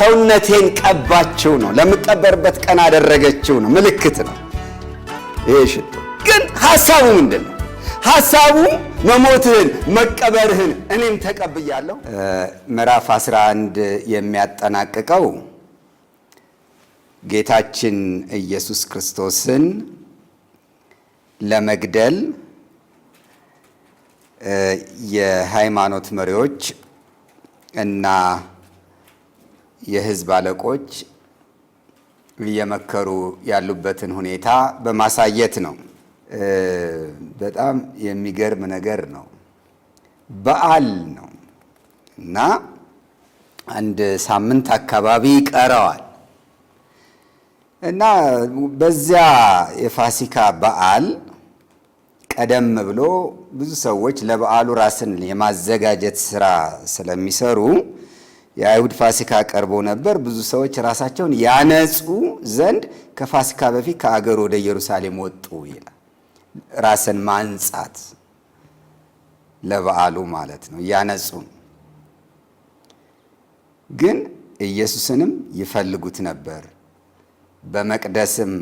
ሰውነቴን ቀባችው ነው። ለምቀበርበት ቀን አደረገችው ነው። ምልክት ነው ይሄ ሽቶ። ግን ሀሳቡ ምንድን ነው? ሀሳቡ መሞትህን መቀበርህን እኔም ተቀብያለሁ። ምዕራፍ 11 የሚያጠናቅቀው ጌታችን ኢየሱስ ክርስቶስን ለመግደል የሃይማኖት መሪዎች እና የህዝብ አለቆች እየመከሩ ያሉበትን ሁኔታ በማሳየት ነው። በጣም የሚገርም ነገር ነው። በዓል ነው እና አንድ ሳምንት አካባቢ ቀረዋል እና በዚያ የፋሲካ በዓል ቀደም ብሎ ብዙ ሰዎች ለበዓሉ ራስን የማዘጋጀት ስራ ስለሚሰሩ የአይሁድ ፋሲካ ቀርቦ ነበር። ብዙ ሰዎች ራሳቸውን ያነጹ ዘንድ ከፋሲካ በፊት ከአገር ወደ ኢየሩሳሌም ወጡ ይላል። ራስን ማንጻት ለበዓሉ ማለት ነው። ያነጹ ግን ኢየሱስንም ይፈልጉት ነበር። በመቅደስም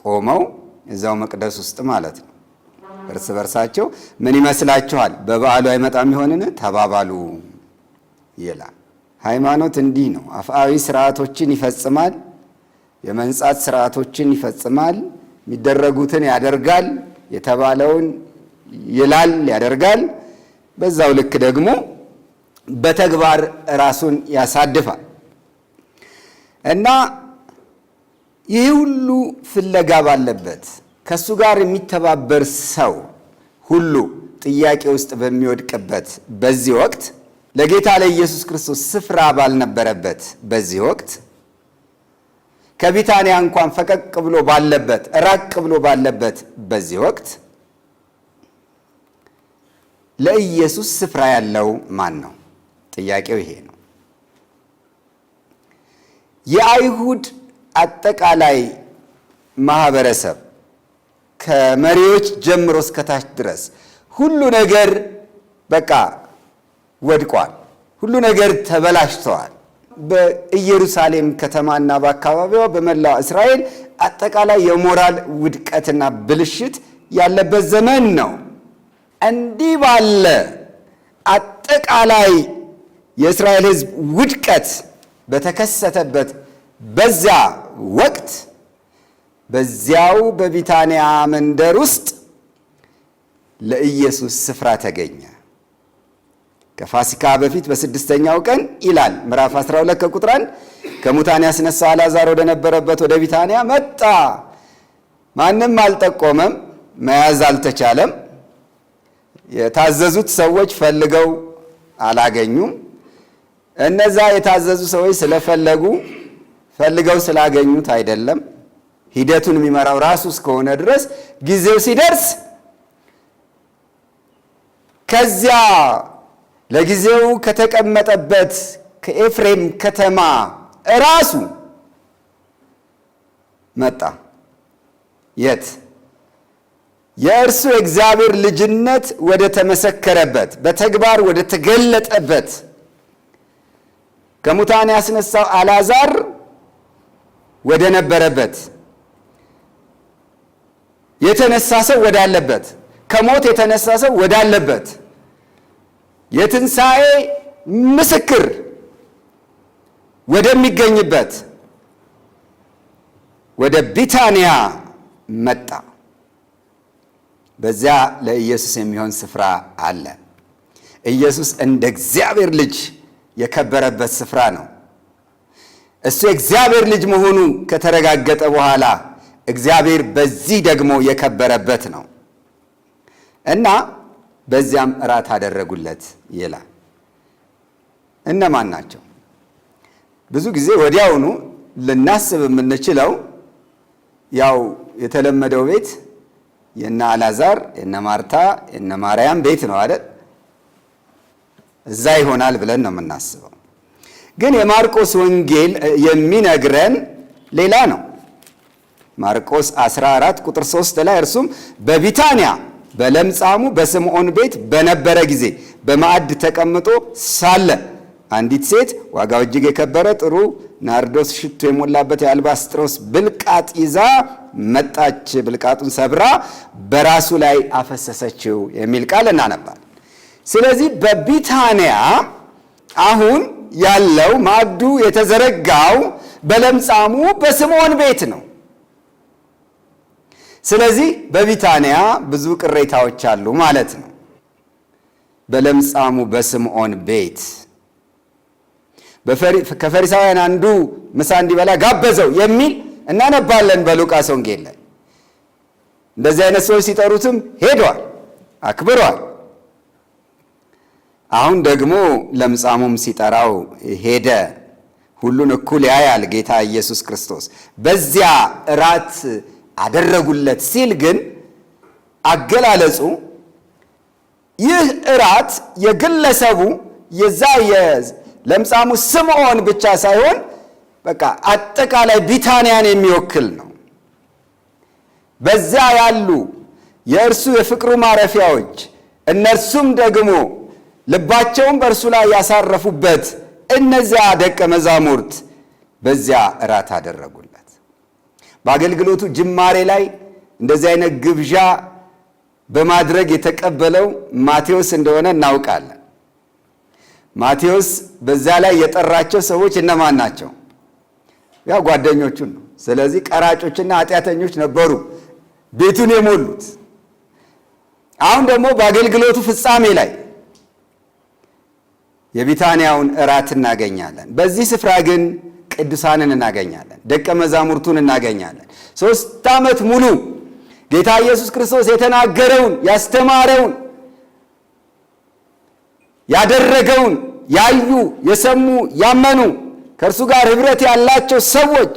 ቆመው እዛው መቅደስ ውስጥ ማለት ነው እርስ በርሳቸው ምን ይመስላችኋል? በበዓሉ አይመጣም ይሆንን? ተባባሉ ይላል። ሃይማኖት እንዲህ ነው። አፍአዊ ስርዓቶችን ይፈጽማል፣ የመንጻት ስርዓቶችን ይፈጽማል፣ የሚደረጉትን ያደርጋል፣ የተባለውን ይላል ያደርጋል። በዛው ልክ ደግሞ በተግባር ራሱን ያሳድፋል እና ይህ ሁሉ ፍለጋ ባለበት ከእሱ ጋር የሚተባበር ሰው ሁሉ ጥያቄ ውስጥ በሚወድቅበት በዚህ ወቅት ለጌታ ለኢየሱስ ክርስቶስ ስፍራ ባልነበረበት በዚህ ወቅት ከቢታንያ እንኳን ፈቀቅ ብሎ ባለበት ራቅ ብሎ ባለበት በዚህ ወቅት ለኢየሱስ ስፍራ ያለው ማን ነው? ጥያቄው ይሄ ነው። የአይሁድ አጠቃላይ ማህበረሰብ ከመሪዎች ጀምሮ እስከታች ድረስ ሁሉ ነገር በቃ ወድቋል። ሁሉ ነገር ተበላሽተዋል። በኢየሩሳሌም ከተማና በአካባቢዋ በመላው እስራኤል አጠቃላይ የሞራል ውድቀትና ብልሽት ያለበት ዘመን ነው። እንዲህ ባለ አጠቃላይ የእስራኤል ሕዝብ ውድቀት በተከሰተበት በዚያ ወቅት በዚያው በቢታንያ መንደር ውስጥ ለኢየሱስ ስፍራ ተገኘ። ከፋሲካ በፊት በስድስተኛው ቀን ይላል ምዕራፍ 12 ከቁጥር 1 ከሙታን ያስነሳ አልዓዛር ወደ ነበረበት ወደ ቢታንያ መጣ። ማንም አልጠቆመም፣ መያዝ አልተቻለም። የታዘዙት ሰዎች ፈልገው አላገኙም። እነዛ የታዘዙ ሰዎች ስለፈለጉ ፈልገው ስላገኙት አይደለም። ሂደቱን የሚመራው ራሱ እስከሆነ ድረስ ጊዜው ሲደርስ ከዚያ ለጊዜው ከተቀመጠበት ከኤፍሬም ከተማ እራሱ መጣ። የት? የእርሱ የእግዚአብሔር ልጅነት ወደ ተመሰከረበት፣ በተግባር ወደ ተገለጠበት ከሙታን ያስነሳው አልዓዛር ወደ ነበረበት የተነሳ ሰው ወዳለበት ከሞት የተነሳ ሰው ወዳለበት የትንሣኤ ምስክር ወደሚገኝበት ወደ ቢታንያ መጣ። በዚያ ለኢየሱስ የሚሆን ስፍራ አለ። ኢየሱስ እንደ እግዚአብሔር ልጅ የከበረበት ስፍራ ነው። እሱ የእግዚአብሔር ልጅ መሆኑ ከተረጋገጠ በኋላ እግዚአብሔር በዚህ ደግሞ የከበረበት ነው እና በዚያም እራት አደረጉለት ይላል። እነማን ናቸው? ብዙ ጊዜ ወዲያውኑ ልናስብ የምንችለው ያው የተለመደው ቤት የነ አላዛር የነ ማርታ የነ ማርያም ቤት ነው አይደል? እዛ ይሆናል ብለን ነው የምናስበው። ግን የማርቆስ ወንጌል የሚነግረን ሌላ ነው። ማርቆስ 14 ቁጥር 3 ላይ እርሱም በቢታንያ በለምጻሙ በስምዖን ቤት በነበረ ጊዜ በማዕድ ተቀምጦ ሳለ አንዲት ሴት ዋጋው እጅግ የከበረ ጥሩ ናርዶስ ሽቶ የሞላበት የአልባስጥሮስ ብልቃጥ ይዛ መጣች። ብልቃጡን ሰብራ በራሱ ላይ አፈሰሰችው የሚል ቃል እናነባል። ስለዚህ በቢታንያ አሁን ያለው ማዕዱ የተዘረጋው በለምጻሙ በስምዖን ቤት ነው። ስለዚህ በቢታንያ ብዙ ቅሬታዎች አሉ ማለት ነው። በለምጻሙ በስምዖን ቤት ከፈሪሳውያን አንዱ ምሳ እንዲበላ ጋበዘው የሚል እናነባለን በሉቃስ ወንጌል ላይ። እንደዚህ አይነት ሰዎች ሲጠሩትም ሄዷል፣ አክብሯል። አሁን ደግሞ ለምጻሙም ሲጠራው ሄደ። ሁሉን እኩል ያያል ጌታ ኢየሱስ ክርስቶስ በዚያ እራት አደረጉለት ሲል ግን አገላለጹ ይህ እራት የግለሰቡ የዛ ለምጻሙ ስምዖን ብቻ ሳይሆን በቃ አጠቃላይ ቢታንያን የሚወክል ነው። በዛ ያሉ የእርሱ የፍቅሩ ማረፊያዎች እነርሱም ደግሞ ልባቸውን በእርሱ ላይ ያሳረፉበት እነዚያ ደቀ መዛሙርት በዚያ እራት አደረጉለት። በአገልግሎቱ ጅማሬ ላይ እንደዚህ አይነት ግብዣ በማድረግ የተቀበለው ማቴዎስ እንደሆነ እናውቃለን። ማቴዎስ በዛ ላይ የጠራቸው ሰዎች እነማን ናቸው? ያው ጓደኞቹን ነው። ስለዚህ ቀራጮችና ኃጢአተኞች ነበሩ ቤቱን የሞሉት። አሁን ደግሞ በአገልግሎቱ ፍጻሜ ላይ የቢታንያውን እራት እናገኛለን። በዚህ ስፍራ ግን ቅዱሳንን እናገኛለን፣ ደቀ መዛሙርቱን እናገኛለን። ሶስት ዓመት ሙሉ ጌታ ኢየሱስ ክርስቶስ የተናገረውን ያስተማረውን ያደረገውን ያዩ የሰሙ ያመኑ ከእርሱ ጋር ኅብረት ያላቸው ሰዎች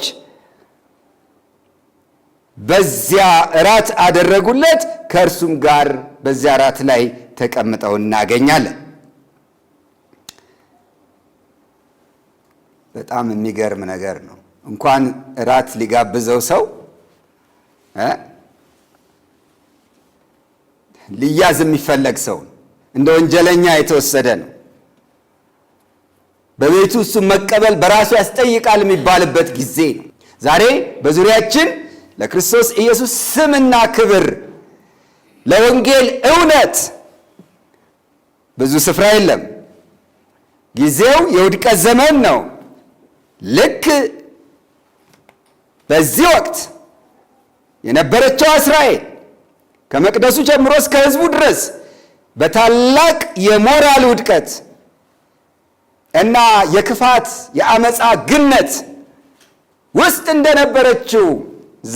በዚያ እራት አደረጉለት። ከእርሱም ጋር በዚያ እራት ላይ ተቀምጠው እናገኛለን። በጣም የሚገርም ነገር ነው። እንኳን እራት ሊጋብዘው ሰው ሊያዝ የሚፈለግ ሰው እንደ ወንጀለኛ የተወሰደ ነው። በቤቱ እሱ መቀበል በራሱ ያስጠይቃል የሚባልበት ጊዜ ነው። ዛሬ በዙሪያችን ለክርስቶስ ኢየሱስ ስምና ክብር ለወንጌል እውነት ብዙ ስፍራ የለም። ጊዜው የውድቀት ዘመን ነው። ልክ በዚህ ወቅት የነበረችው እስራኤል ከመቅደሱ ጀምሮ እስከ ህዝቡ ድረስ በታላቅ የሞራል ውድቀት እና የክፋት የአመፃ ግነት ውስጥ እንደነበረችው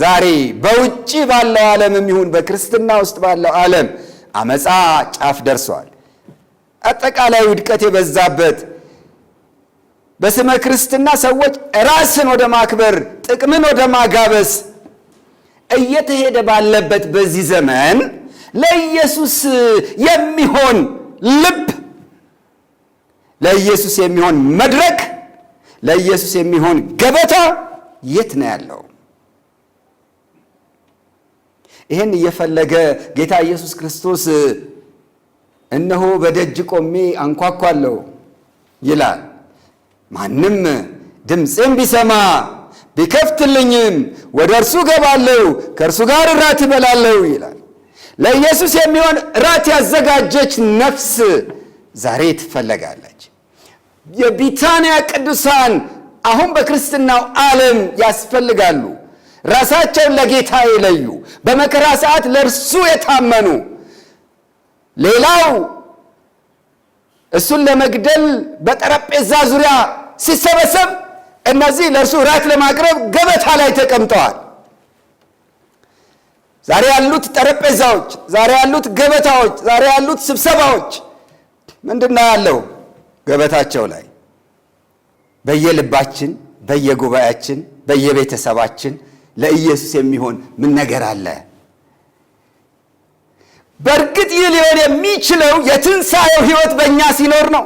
ዛሬ በውጭ ባለው ዓለም ይሁን በክርስትና ውስጥ ባለው ዓለም አመፃ ጫፍ ደርሷል። አጠቃላይ ውድቀት የበዛበት በስመ ክርስትና ሰዎች ራስን ወደ ማክበር ጥቅምን ወደ ማጋበስ እየተሄደ ባለበት በዚህ ዘመን ለኢየሱስ የሚሆን ልብ፣ ለኢየሱስ የሚሆን መድረክ፣ ለኢየሱስ የሚሆን ገበታ የት ነው ያለው? ይህን እየፈለገ ጌታ ኢየሱስ ክርስቶስ እነሆ በደጅ ቆሜ አንኳኳለሁ ይላል። ማንም ድምፅም ቢሰማ ቢከፍትልኝም ወደ እርሱ ገባለሁ፣ ከእርሱ ጋር እራት ይበላለሁ ይላል። ለኢየሱስ የሚሆን እራት ያዘጋጀች ነፍስ ዛሬ ትፈለጋለች። የቢታንያ ቅዱሳን አሁን በክርስትናው ዓለም ያስፈልጋሉ። ራሳቸውን ለጌታ የለዩ፣ በመከራ ሰዓት ለእርሱ የታመኑ ሌላው እሱን ለመግደል በጠረጴዛ ዙሪያ ሲሰበሰብ እነዚህ ለእርሱ ራት ለማቅረብ ገበታ ላይ ተቀምጠዋል። ዛሬ ያሉት ጠረጴዛዎች፣ ዛሬ ያሉት ገበታዎች፣ ዛሬ ያሉት ስብሰባዎች ምንድን ነው ያለው? ገበታቸው ላይ በየልባችን፣ በየጉባኤያችን፣ በየቤተሰባችን ለኢየሱስ የሚሆን ምን ነገር አለ? በእርግጥ ይህ ሊሆን የሚችለው የትንሣኤው ሕይወት በእኛ ሲኖር ነው።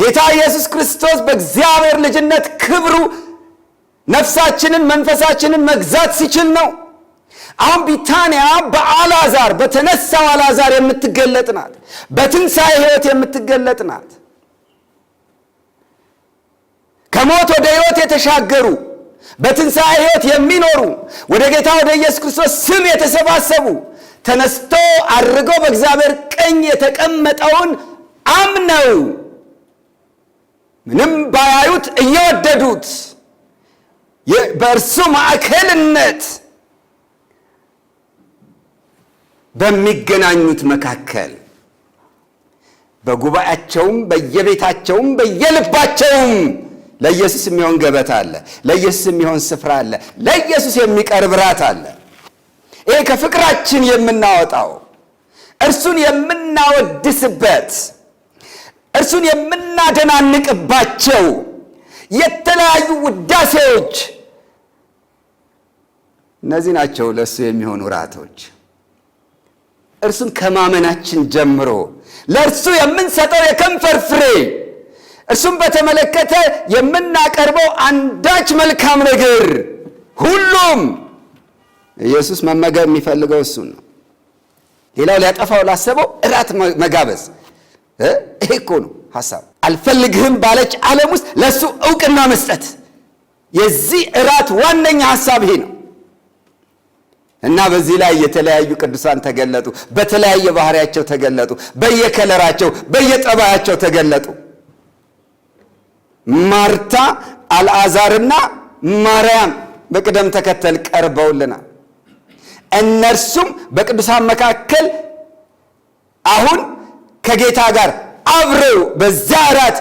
ጌታ ኢየሱስ ክርስቶስ በእግዚአብሔር ልጅነት ክብሩ ነፍሳችንን መንፈሳችንን መግዛት ሲችል ነው። አሁን ቢታንያ በአልዓዛር በተነሳው አልዓዛር የምትገለጥ ናት። በትንሣኤ ሕይወት የምትገለጥ ናት። ከሞት ወደ ሕይወት የተሻገሩ በትንሣኤ ሕይወት የሚኖሩ ወደ ጌታ ወደ ኢየሱስ ክርስቶስ ስም የተሰባሰቡ ተነስቶ አድርጎ በእግዚአብሔር ቀኝ የተቀመጠውን አምነው ምንም ባያዩት እየወደዱት በእርሱ ማዕከልነት በሚገናኙት መካከል በጉባኤያቸውም በየቤታቸውም በየልባቸውም ለኢየሱስ የሚሆን ገበታ አለ። ለኢየሱስ የሚሆን ስፍራ አለ። ለኢየሱስ የሚቀርብ ራት አለ። ይሄ ከፍቅራችን የምናወጣው እርሱን የምናወድስበት እርሱን የምናደናንቅባቸው የተለያዩ ውዳሴዎች እነዚህ ናቸው ለእሱ የሚሆኑ ራቶች። እርሱን ከማመናችን ጀምሮ ለእርሱ የምንሰጠው የከንፈር ፍሬ እሱም በተመለከተ የምናቀርበው አንዳች መልካም ነገር ሁሉም ኢየሱስ መመገብ የሚፈልገው እሱን ነው። ሌላው ሊያጠፋው ላሰበው እራት መጋበዝ ይሄ እኮ ነው ሀሳብ። አልፈልግህም ባለች ዓለም ውስጥ ለእሱ እውቅና መስጠት የዚህ እራት ዋነኛ ሀሳብ ይሄ ነው እና በዚህ ላይ የተለያዩ ቅዱሳን ተገለጡ። በተለያየ ባህሪያቸው ተገለጡ። በየከለራቸው፣ በየጠባያቸው ተገለጡ። ማርታ፣ አልአዛርና ማርያም በቅደም ተከተል ቀርበውልናል። እነርሱም በቅዱሳን መካከል አሁን ከጌታ ጋር አብረው በዛ እራት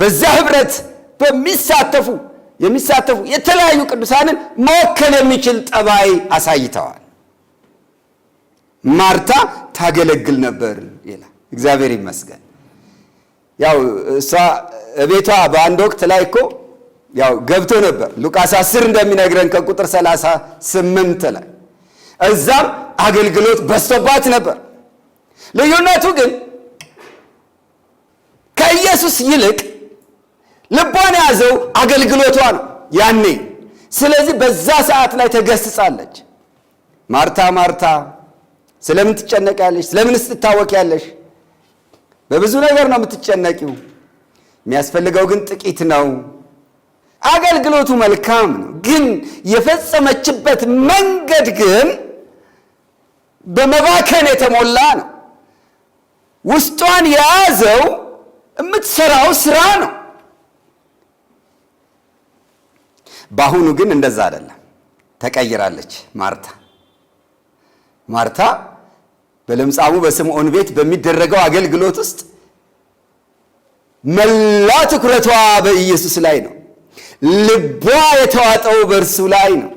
በዛ ህብረት በሚሳተፉ የሚሳተፉ የተለያዩ ቅዱሳንን መወከል የሚችል ጠባይ አሳይተዋል። ማርታ ታገለግል ነበር ይላል። እግዚአብሔር ይመስገን። ያው እሷ ቤቷ በአንድ ወቅት ላይ እኮ ያው ገብቶ ነበር። ሉቃስ 10 እንደሚነግረን ከቁጥር 38 ላይ እዛም አገልግሎት በዝቶባት ነበር። ልዩነቱ ግን ከኢየሱስ ይልቅ ልቧን የያዘው አገልግሎቷ ነው ያኔ። ስለዚህ በዛ ሰዓት ላይ ተገስጻለች። ማርታ ማርታ፣ ስለምን ትጨነቂያለሽ? ስለምን ስትታወቂያለሽ? በብዙ ነገር ነው የምትጨነቂው የሚያስፈልገው ግን ጥቂት ነው። አገልግሎቱ መልካም ነው፣ ግን የፈጸመችበት መንገድ ግን በመባከን የተሞላ ነው። ውስጧን የያዘው የምትሰራው ስራ ነው። በአሁኑ ግን እንደዛ አይደለም፣ ተቀይራለች። ማርታ ማርታ በለምጻሙ በስምዖን ቤት በሚደረገው አገልግሎት ውስጥ መላ ትኩረቷ በኢየሱስ ላይ ነው። ልቧ የተዋጠው በእርሱ ላይ ነው።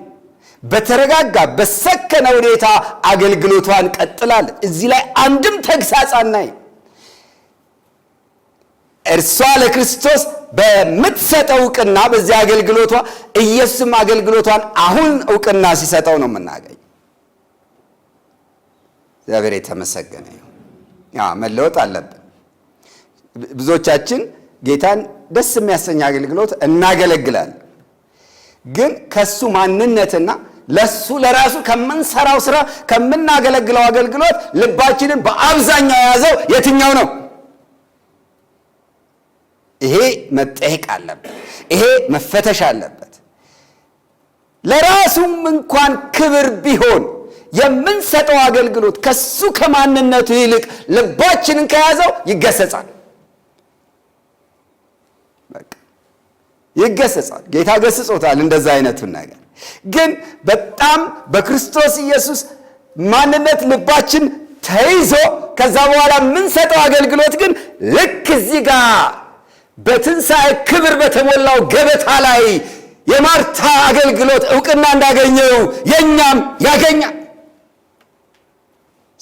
በተረጋጋ በሰከነ ሁኔታ አገልግሎቷን ቀጥላል። እዚህ ላይ አንድም ተግሳጽ አናይም። እርሷ ለክርስቶስ በምትሰጠው እውቅና በዚህ አገልግሎቷ ኢየሱስም አገልግሎቷን አሁን እውቅና ሲሰጠው ነው የምናገኝ። እግዚአብሔር የተመሰገነ ይሁን። መለወጥ አለብን። ብዙዎቻችን ጌታን ደስ የሚያሰኝ አገልግሎት እናገለግላል። ግን ከሱ ማንነትና ለሱ ለራሱ ከምንሰራው ስራ ከምናገለግለው አገልግሎት ልባችንን በአብዛኛው የያዘው የትኛው ነው? ይሄ መጠየቅ አለበት። ይሄ መፈተሽ አለበት። ለራሱም እንኳን ክብር ቢሆን የምንሰጠው አገልግሎት ከሱ ከማንነቱ ይልቅ ልባችንን ከያዘው ይገሰጻል። ይገሰጻል። ጌታ ገስጾታል። እንደዛ አይነቱን ነገር ግን በጣም በክርስቶስ ኢየሱስ ማንነት ልባችን ተይዞ ከዛ በኋላ የምንሰጠው አገልግሎት ግን ልክ እዚህ ጋር በትንሣኤ ክብር በተሞላው ገበታ ላይ የማርታ አገልግሎት እውቅና እንዳገኘው የእኛም ያገኛ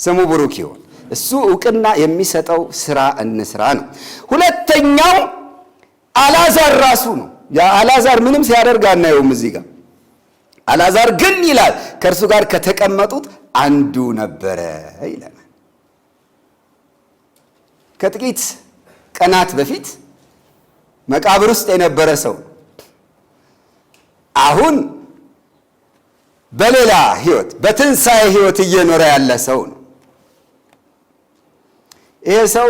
ስሙ ብሩክ ይሆን። እሱ እውቅና የሚሰጠው ስራ እንስራ ነው። ሁለተኛው አላዛር ራሱ ነው። አላዛር ምንም ሲያደርግ አናየውም። እዚህ ጋር አላዛር ግን ይላል ከእርሱ ጋር ከተቀመጡት አንዱ ነበረ ይለናል። ከጥቂት ቀናት በፊት መቃብር ውስጥ የነበረ ሰው አሁን በሌላ ህይወት በትንሣኤ ህይወት እየኖረ ያለ ሰው ነው። ይሄ ሰው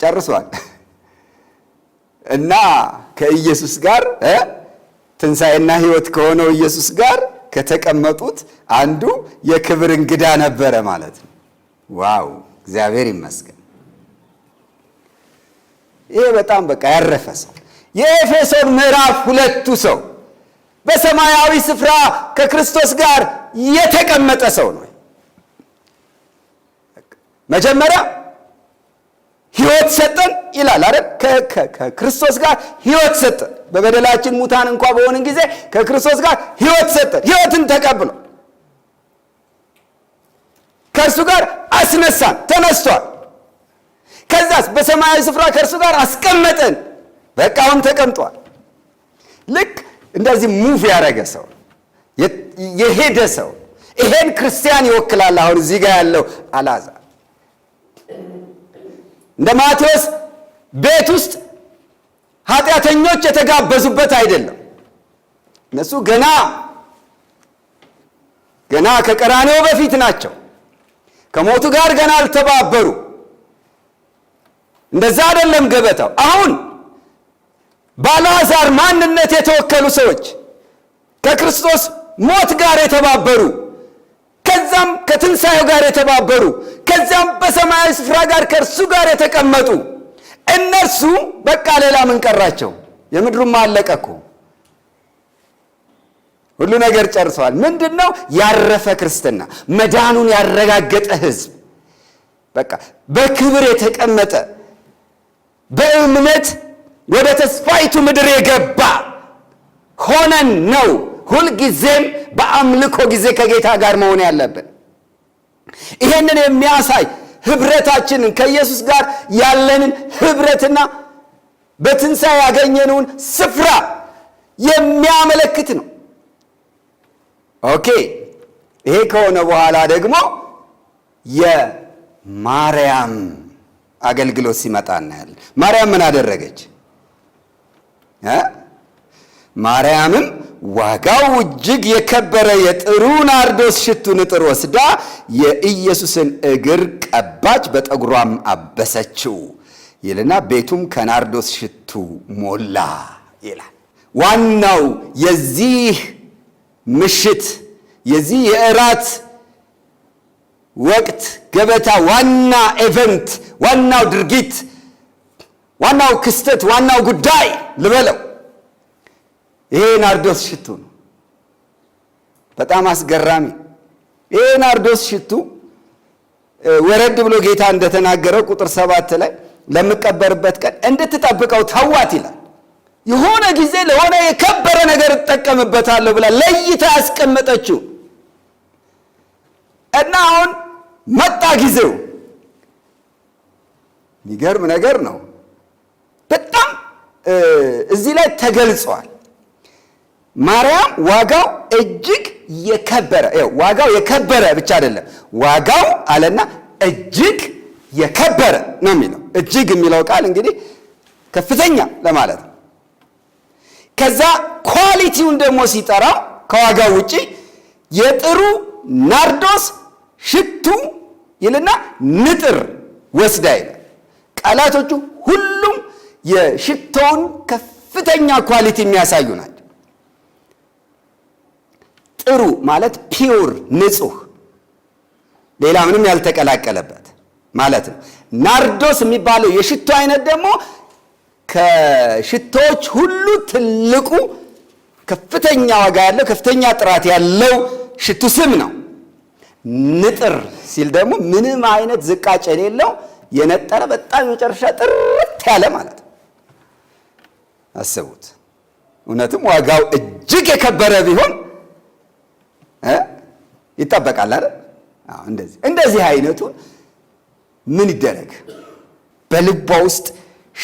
ጨርሷል እና ከኢየሱስ ጋር ትንሣኤና ሕይወት ከሆነው ኢየሱስ ጋር ከተቀመጡት አንዱ የክብር እንግዳ ነበረ ማለት ነው። ዋው እግዚአብሔር ይመስገን። ይሄ በጣም በቃ ያረፈ ሰው የኤፌሶን ምዕራፍ ሁለቱ ሰው በሰማያዊ ስፍራ ከክርስቶስ ጋር የተቀመጠ ሰው ነው። መጀመሪያ ህይወት ሰጠን ይላል አይደል? ከክርስቶስ ጋር ህይወት ሰጠን። በበደላችን ሙታን እንኳ በሆንን ጊዜ ከክርስቶስ ጋር ህይወት ሰጠን። ህይወትን ተቀብሎ ከእርሱ ጋር አስነሳን፣ ተነስቷል። ከዛስ በሰማያዊ ስፍራ ከእርሱ ጋር አስቀመጠን። በቃ አሁን ተቀምጧል። ልክ እንደዚህ ሙቭ ያደረገ ሰው የሄደ ሰው ይሄን ክርስቲያን ይወክላል። አሁን እዚህ ጋር ያለው አላዛ። እንደ ማቴዎስ ቤት ውስጥ ኃጢአተኞች የተጋበዙበት አይደለም። እነሱ ገና ገና ከቀራኔው በፊት ናቸው። ከሞቱ ጋር ገና አልተባበሩ። እንደዛ አይደለም ገበታው። አሁን ባላዛር ማንነት የተወከሉ ሰዎች ከክርስቶስ ሞት ጋር የተባበሩ ከዛም ከትንሣኤው ጋር የተባበሩ ከዚያም በሰማያዊ ስፍራ ጋር ከእርሱ ጋር የተቀመጡ እነርሱ በቃ ሌላ ምን ቀራቸው? የምድሩማ አለቀ እኮ ሁሉ ነገር ጨርሰዋል። ምንድን ነው ያረፈ ክርስትና? መዳኑን ያረጋገጠ ህዝብ በቃ በክብር የተቀመጠ በእምነት ወደ ተስፋይቱ ምድር የገባ ሆነን ነው ሁልጊዜም በአምልኮ ጊዜ ከጌታ ጋር መሆን ያለብን። ይሄንን የሚያሳይ ህብረታችንን ከኢየሱስ ጋር ያለንን ህብረትና በትንሣኤ ያገኘነውን ስፍራ የሚያመለክት ነው። ኦኬ። ይሄ ከሆነ በኋላ ደግሞ የማርያም አገልግሎት ሲመጣ እናያለን። ማርያም ምን አደረገች? ማርያምም ዋጋው እጅግ የከበረ የጥሩ ናርዶስ ሽቱ ንጥር ወስዳ የኢየሱስን እግር ቀባች፣ በጠጉሯም አበሰችው ይልና ቤቱም ከናርዶስ ሽቱ ሞላ ይላል። ዋናው የዚህ ምሽት የዚህ የእራት ወቅት ገበታ ዋና ኤቨንት፣ ዋናው ድርጊት፣ ዋናው ክስተት፣ ዋናው ጉዳይ ልበለው ይሄ ናርዶስ ሽቱ ነው። በጣም አስገራሚ። ይሄ ናርዶስ ሽቱ ወረድ ብሎ ጌታ እንደተናገረው ቁጥር ሰባት ላይ ለምቀበርበት ቀን እንድትጠብቀው ተዋት ይላል። የሆነ ጊዜ ለሆነ የከበረ ነገር እጠቀምበታለሁ ብላ ለይታ ያስቀመጠችው እና አሁን መጣ ጊዜው። የሚገርም ነገር ነው። በጣም እዚህ ላይ ተገልጿል። ማርያም ዋጋው እጅግ የከበረ ዋጋው የከበረ ብቻ አይደለም፣ ዋጋው አለና እጅግ የከበረ ነው የሚለው። እጅግ የሚለው ቃል እንግዲህ ከፍተኛ ለማለት ነው። ከዛ ኳሊቲውን ደግሞ ሲጠራ ከዋጋው ውጪ የጥሩ ናርዶስ ሽቱ ይልና ንጥር ወስዳ ይላል። ቃላቶቹ ሁሉም የሽቶውን ከፍተኛ ኳሊቲ የሚያሳዩ ናቸው። ጥሩ ማለት ፒውር ንጹህ፣ ሌላ ምንም ያልተቀላቀለበት ማለት ነው። ናርዶስ የሚባለው የሽቶ አይነት ደግሞ ከሽቶዎች ሁሉ ትልቁ ከፍተኛ ዋጋ ያለው ከፍተኛ ጥራት ያለው ሽቱ ስም ነው። ንጥር ሲል ደግሞ ምንም አይነት ዝቃጭ የሌለው የነጠረ በጣም የመጨረሻ ጥርት ያለ ማለት ነው። አስቡት። እውነትም ዋጋው እጅግ የከበረ ቢሆን ይጠበቃል አይደል? እንደዚህ እንደዚህ አይነቱ ምን ይደረግ? በልቧ ውስጥ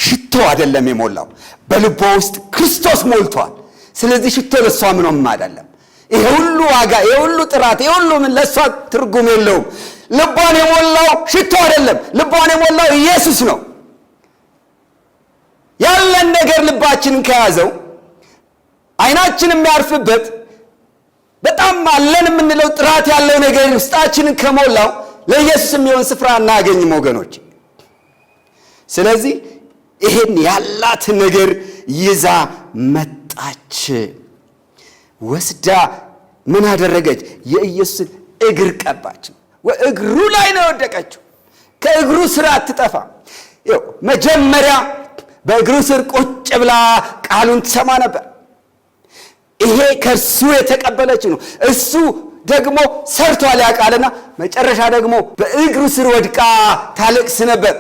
ሽቶ አይደለም የሞላው፣ በልቧ ውስጥ ክርስቶስ ሞልቷል። ስለዚህ ሽቶ ለእሷ ምንም አይደለም። ይሄ ሁሉ ዋጋ፣ ይሄ ሁሉ ጥራት፣ ይሄ ሁሉ ምን ለእሷ ትርጉም የለውም። ልቧን የሞላው ሽቶ አይደለም፣ ልቧን የሞላው ኢየሱስ ነው። ያለን ነገር ልባችንን ከያዘው አይናችን የሚያርፍበት በጣም አለን የምንለው ጥራት ያለው ነገር ውስጣችንን ከሞላው ለኢየሱስ የሚሆን ስፍራ እናገኝም ወገኖች። ስለዚህ ይሄን ያላት ነገር ይዛ መጣች። ወስዳ ምን አደረገች? የኢየሱስን እግር ቀባች። እግሩ ላይ ነው የወደቀችው። ከእግሩ ስር አትጠፋ። መጀመሪያ በእግሩ ስር ቁጭ ብላ ቃሉን ትሰማ ነበር። ይሄ ከእሱ የተቀበለች ነው። እሱ ደግሞ ሰርቷል ያውቃልና፣ መጨረሻ ደግሞ በእግሩ ስር ወድቃ ታለቅስ ነበር።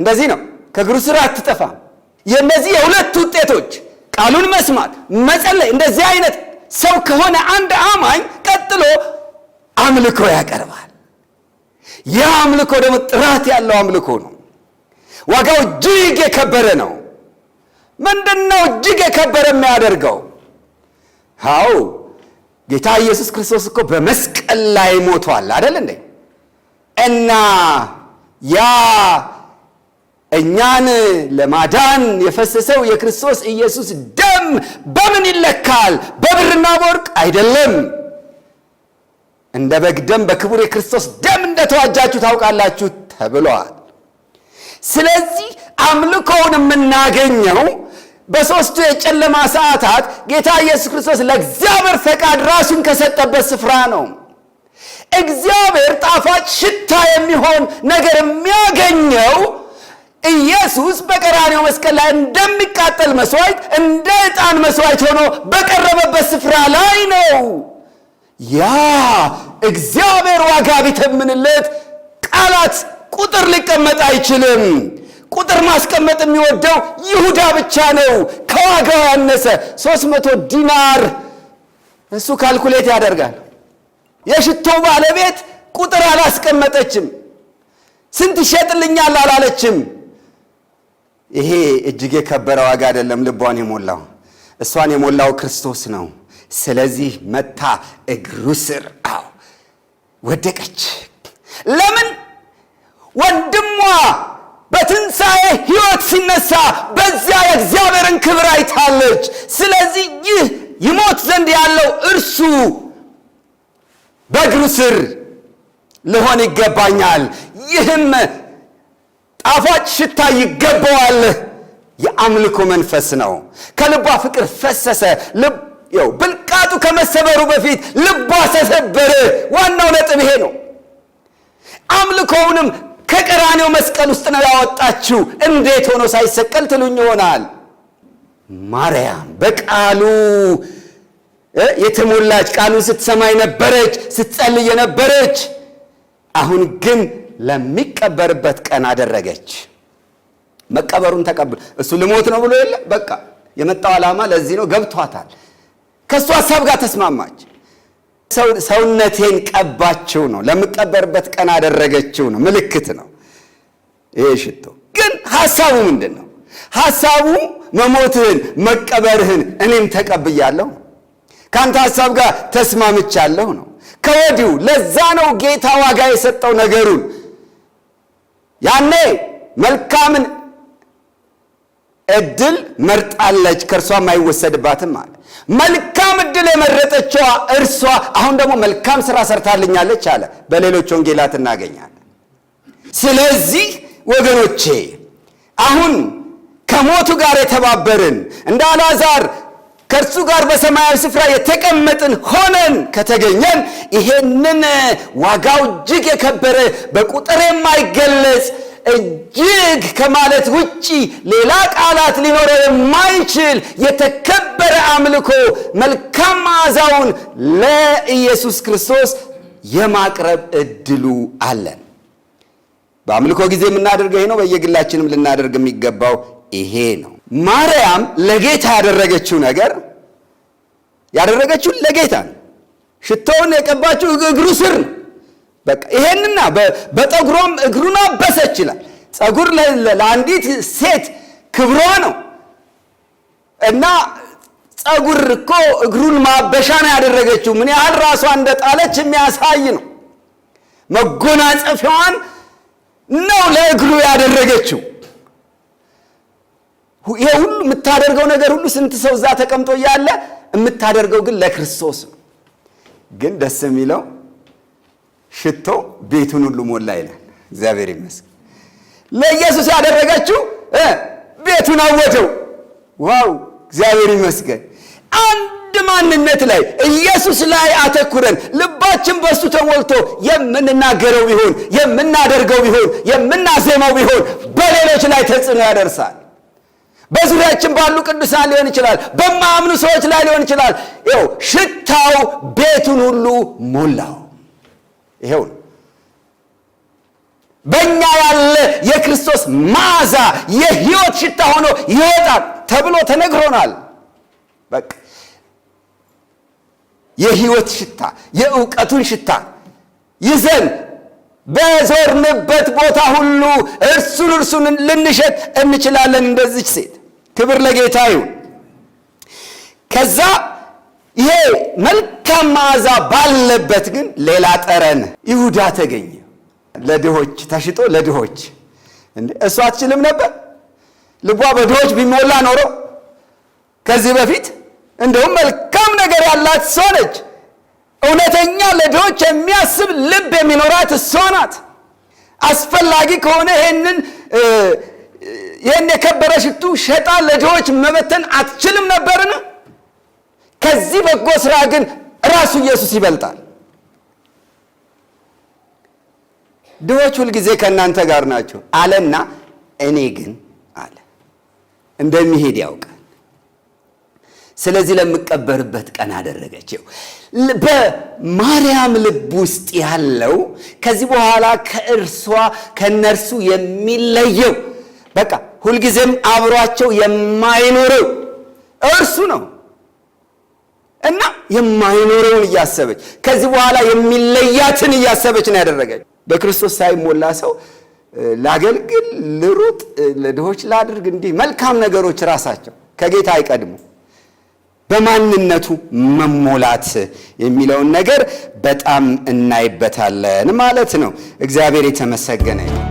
እንደዚህ ነው፣ ከእግሩ ስር አትጠፋም። የእነዚህ የሁለት ውጤቶች ቃሉን መስማት፣ መጸለይ፣ እንደዚህ አይነት ሰው ከሆነ አንድ አማኝ ቀጥሎ አምልኮ ያቀርባል። ያ አምልኮ ደግሞ ጥራት ያለው አምልኮ ነው። ዋጋው እጅግ የከበረ ነው። ምንድን ነው እጅግ የከበረ የሚያደርገው? አዎ ጌታ ኢየሱስ ክርስቶስ እኮ በመስቀል ላይ ሞቷል አደል እንዴ? እና ያ እኛን ለማዳን የፈሰሰው የክርስቶስ ኢየሱስ ደም በምን ይለካል? በብርና በወርቅ አይደለም። እንደ በግ ደም በክቡር የክርስቶስ ደም እንደተዋጃችሁ ታውቃላችሁ ተብሏል። ስለዚህ አምልኮውን የምናገኘው በሦስቱ የጨለማ ሰዓታት ጌታ ኢየሱስ ክርስቶስ ለእግዚአብሔር ፈቃድ ራሱን ከሰጠበት ስፍራ ነው። እግዚአብሔር ጣፋጭ ሽታ የሚሆን ነገር የሚያገኘው ኢየሱስ በቀራኔው መስቀል ላይ እንደሚቃጠል መስዋዕት እንደ ዕጣን መስዋዕት ሆኖ በቀረበበት ስፍራ ላይ ነው። ያ እግዚአብሔር ዋጋ ቢተምንለት ቃላት ቁጥር ሊቀመጥ አይችልም። ቁጥር ማስቀመጥ የሚወደው ይሁዳ ብቻ ነው። ከዋጋው ያነሰ 300 መቶ ዲናር እሱ ካልኩሌት ያደርጋል። የሽቶ ባለቤት ቁጥር አላስቀመጠችም። ስንት ይሸጥልኛል አላለችም። ይሄ እጅግ የከበረ ዋጋ አይደለም። ልቧን የሞላው እሷን የሞላው ክርስቶስ ነው። ስለዚህ መታ እግሩ ስር አው ወደቀች። ለምን ሞታለች። ስለዚህ ይህ ይሞት ዘንድ ያለው እርሱ በእግሩ ስር ልሆን ይገባኛል። ይህም ጣፋጭ ሽታ ይገባዋል። የአምልኮ መንፈስ ነው። ከልቧ ፍቅር ፈሰሰ። ው ብልቃጡ ከመሰበሩ በፊት ልቧ ተሰበረ። ዋናው ነጥብ ይሄ ነው። አምልኮውንም ከቀራኔው መስቀል ውስጥ ነው ያወጣችው። እንዴት ሆኖ ሳይሰቀል ትሉኝ ይሆናል። ማርያም በቃሉ የተሞላች ቃሉን ስትሰማ የነበረች ስትጸልይ የነበረች አሁን ግን ለሚቀበርበት ቀን አደረገች። መቀበሩን ተቀብል እሱ ልሞት ነው ብሎ የለ በቃ የመጣው ዓላማ ለዚህ ነው ገብቷታል። ከእሱ ሀሳብ ጋር ተስማማች። ሰውነቴን ቀባችው ነው ለምቀበርበት ቀን አደረገችው ነው ምልክት ነው ይሄ ሽቶ። ግን ሀሳቡ ምንድን ነው ሀሳቡ መሞትህን መቀበርህን እኔም ተቀብያለሁ፣ ከአንተ ሐሳብ ጋር ተስማምቻለሁ ነው ከወዲሁ። ለዛ ነው ጌታ ዋጋ የሰጠው ነገሩን። ያኔ መልካምን እድል መርጣለች ከእርሷ አይወሰድባትም አለ። መልካም እድል የመረጠችዋ እርሷ አሁን ደግሞ መልካም ስራ ሰርታልኛለች አለ። በሌሎች ወንጌላት እናገኛለን። ስለዚህ ወገኖቼ አሁን ከሞቱ ጋር የተባበርን እንደ አልዓዛር ከእርሱ ጋር በሰማያዊ ስፍራ የተቀመጥን ሆነን ከተገኘን ይሄንን ዋጋው እጅግ የከበረ በቁጥር የማይገለጽ እጅግ ከማለት ውጪ ሌላ ቃላት ሊኖረ የማይችል የተከበረ አምልኮ መልካም መዓዛውን ለኢየሱስ ክርስቶስ የማቅረብ እድሉ አለን። በአምልኮ ጊዜ የምናደርገው ይሄ ነው። በየግላችንም ልናደርግ የሚገባው ይሄ ነው። ማርያም ለጌታ ያደረገችው ነገር ያደረገችው ለጌታ ነው። ሽቶውን የቀባችው እግሩ ስር ነው። በቃ ይሄንና በጠጉሯም እግሩን አበሰች ይላል። ጸጉር ለአንዲት ሴት ክብሯ ነው እና ጸጉር እኮ እግሩን ማበሻ ነው ያደረገችው። ምን ያህል ራሷ እንደጣለች የሚያሳይ ነው። መጎናጸፊያዋን ነው ለእግሩ ያደረገችው። ይሄ ሁሉ የምታደርገው ነገር ሁሉ ስንት ሰው እዛ ተቀምጦ እያለ የምታደርገው ግን ለክርስቶስ ነው። ግን ደስ የሚለው ሽቶ ቤቱን ሁሉ ሞላ ይላል። እግዚአብሔር ይመስገን። ለኢየሱስ ያደረገችው ቤቱን አወደው። ዋው! እግዚአብሔር ይመስገን። አንድ ማንነት ላይ ኢየሱስ ላይ አተኩረን ልባችን በእሱ ተሞልቶ የምንናገረው ቢሆን፣ የምናደርገው ቢሆን፣ የምናዜመው ቢሆን በሌሎች ላይ ተጽዕኖ ያደርሳል። በዙሪያችን ባሉ ቅዱሳን ሊሆን ይችላል፣ በማያምኑ ሰዎች ላይ ሊሆን ይችላል። ይኸው ሽታው ቤቱን ሁሉ ሞላው። ይኸው በእኛ ያለ የክርስቶስ መዓዛ የህይወት ሽታ ሆኖ ይወጣል ተብሎ ተነግሮናል። በቃ የህይወት ሽታ የእውቀቱን ሽታ ይዘን በዞርንበት ቦታ ሁሉ እርሱን እርሱን ልንሸት እንችላለን እንደዚች ሴት ክብር ለጌታ ይሁን። ከዛ ይሄ መልካም መዓዛ ባለበት ግን ሌላ ጠረን ይሁዳ ተገኘ። ለድሆች ተሽጦ ለድሆች እሷ አትችልም ነበር። ልቧ በድሆች ቢሞላ ኖሮ ከዚህ በፊት እንደውም መልካም ነገር ያላት እሷ ነች። እውነተኛ ለድሆች የሚያስብ ልብ የሚኖራት እሷ ናት። አስፈላጊ ከሆነ ይህንን ይህን የከበረ ሽቱ ሸጣ ለድሆች መበተን አትችልም ነበርን? ከዚህ በጎ ስራ ግን ራሱ ኢየሱስ ይበልጣል። ድሆች ሁልጊዜ ከእናንተ ጋር ናቸው አለና እኔ ግን አለ እንደሚሄድ ያውቃል። ስለዚህ ለምቀበርበት ቀን አደረገችው። በማርያም ልብ ውስጥ ያለው ከዚህ በኋላ ከእርሷ ከነርሱ የሚለየው በቃ ሁልጊዜም አብሯቸው የማይኖረው እርሱ ነው እና የማይኖረውን እያሰበች ከዚህ በኋላ የሚለያትን እያሰበች ነው ያደረገች። በክርስቶስ ሳይሞላ ሰው ላገልግል፣ ልሩጥ፣ ለድሆች ላድርግ፣ እንዲህ መልካም ነገሮች ራሳቸው ከጌታ አይቀድሙ። በማንነቱ መሞላት የሚለውን ነገር በጣም እናይበታለን ማለት ነው። እግዚአብሔር የተመሰገነ